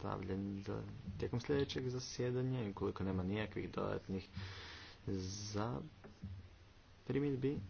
stavljen tijekom sljedećeg zasjedanja i ukoliko nema nijakvih dodatnih za primjedbi